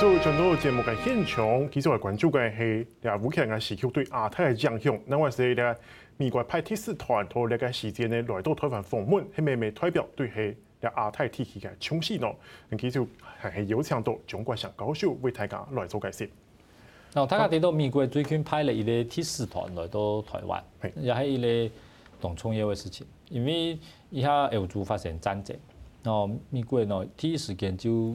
做眾多節目嘅現場，其實我關注嘅係，吓烏克蘭嘅時局對亞太嘅影響。另外是咧，美國，美國派特使團到嚟個時間咧，來到台灣訪問，係咪咪代表對阿泰係咧亞太地區嘅重視咯？其實係有請到張國城教授為大家來做解釋。那大家提到美國最近派嚟一個特使團來到台灣，係、嗯，也係一個同重要嘅事情，因為一下又做發生戰爭，然後美國呢第一時間就。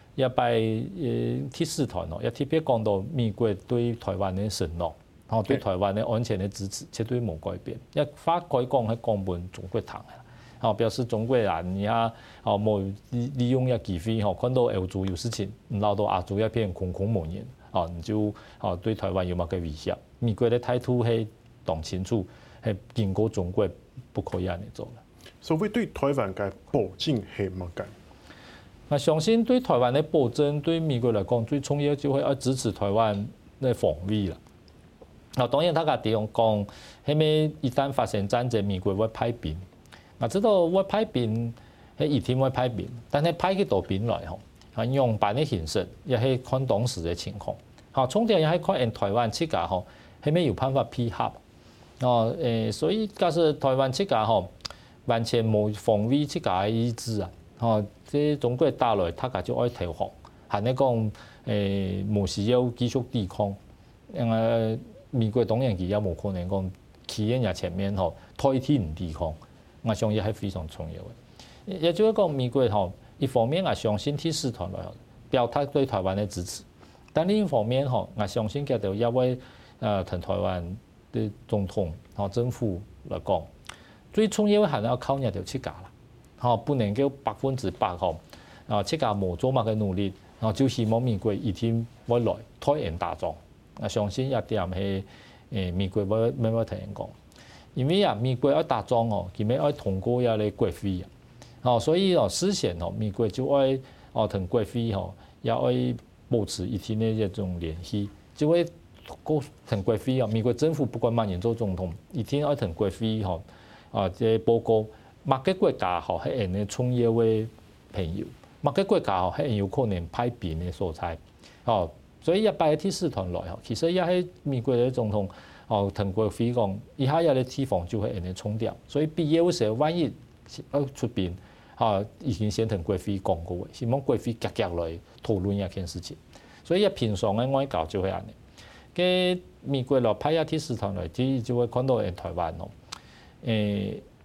也拜誒特使團哦，也特別講到美國對台灣的承諾，哦對台灣的安全的支持，絕對無改變。也發開講喺江門中國糖嘅啦，哦表示中國人也哦無利利用迄個機會，哦看到又做有事情，唔留到阿主一片空空無人，哦唔就哦對台灣有乜個威脅？美國嘅態度係當清楚，係警告中國不可以咁做啦。所以對台灣嘅保證係乜嘅？我相信對台灣的保證，對美國來講，最重要就係要支持台灣的防禦啦。啊，當然他家地方講係咪一旦發生戰爭，美國會派兵？我知道會派兵，係一定會派兵，但是派去多兵來？吼，用辦嘅形式，亦係看當時的情況。好，重點亦係看台灣七家吼他們有辦法配合？哦，誒，所以假使台灣七家吼完全冇防禦七家嘅意志啊！哦，即大陸打來，他就愛投降。係你講誒，無時要繼續抵抗，因為美國當然伊也無可能講，企業也切面吼推、哦、天毋抵抗。我相信係非常重要嘅。亦就一講美國吼，一方面我相信特使團來表達對台灣的支持，但另一方面吼，我相信佢要要位誒同台灣的總統同、啊、政府來講，最重要係要靠人哋去加吼，不能夠百分之百吼，啊，即家無做乜嘅努力，然後就是美國一定要來拖延打仗。啊，相信也啲人個，誒，美國要要要同伊講，因為啊，美國要打仗吼，佢咪要通過迄個國會啊！吼，所以吼，之前吼，美國就愛哦同國會吼，也愛保持一定呢一種聯繫，就愛同國會啊，美國政府不管乜人做總統，一定愛同國會吼，啊，迄個報告。某個國家哦，喺印尼創業誒朋友；某個國家哦，喺有可能歹兵誒所在。哦，所以一派特使團來哦，其實也喺美國誒總統哦同國妃講，一下遐咧提防就會安尼沖掉。所以必要時萬一出兵，哈、哦，已經先同國妃講過話，希望貴妃積落去討論遐件事情。所以一平常的外交就會安尼。給美國佬派一特使團來，即就會看到誒台灣咯，誒、欸。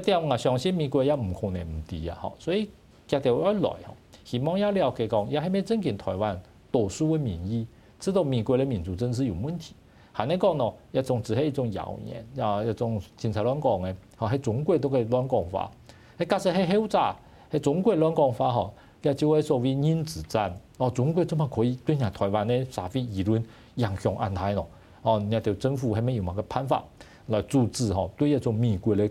這點我相信美國也唔可能唔知啊，嗬！所以吉迪一來，希望一了解講，也係咩真見台灣多數嘅民意，知道美國嘅民主政治有問題。係你講咯，一種只係一種謠言，啊一種警察亂講嘅，喺中國都嘅亂講法，喺假設係好渣，喺中國亂講法，嗬！叫做所謂認知戰，哦，中國點麼可以對上台灣嘅社會輿論影響安大咯？哦，你睇政府係咩有麼個辦法來阻止，嗬，對一種美國嘅？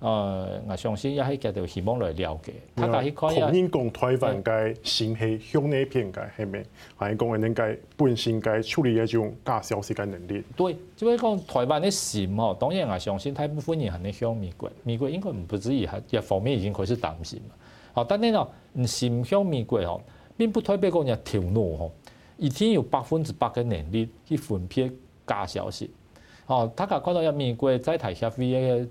呃，我上次一喺叫做希望來了解，佢哋可以啊，同人講台灣該線，係向呢邊，嘅係咪？係講佢哋嘅本身該處理一種假消息嘅能力。對，即係講台灣嘅線，當然係相信大部分人係向美國，美國應該唔不至於一一方面已經開始擔心。哦，但係呢，線向美國哦，並不太俾嗰人跳腦，哦，已經有百分之百嘅能力去分辨假消息。哦、啊，大家看到一美國在台協會嗰個。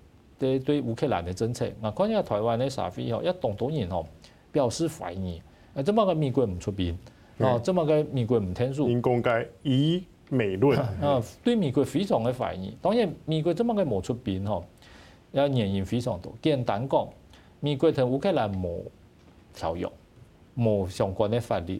對對，烏克蘭的政策，嗱，今日台灣嘅社會哦，一當然哦，表示懷疑。啊，怎麼個美國唔出兵？啊、嗯，怎麼個美國唔聽説？以美以美論，啊，對美國非常嘅懷疑。當然，美國怎麼個冇出兵？哦，要原因非常多。簡單講，美國同烏克蘭冇條約，冇相關嘅法律。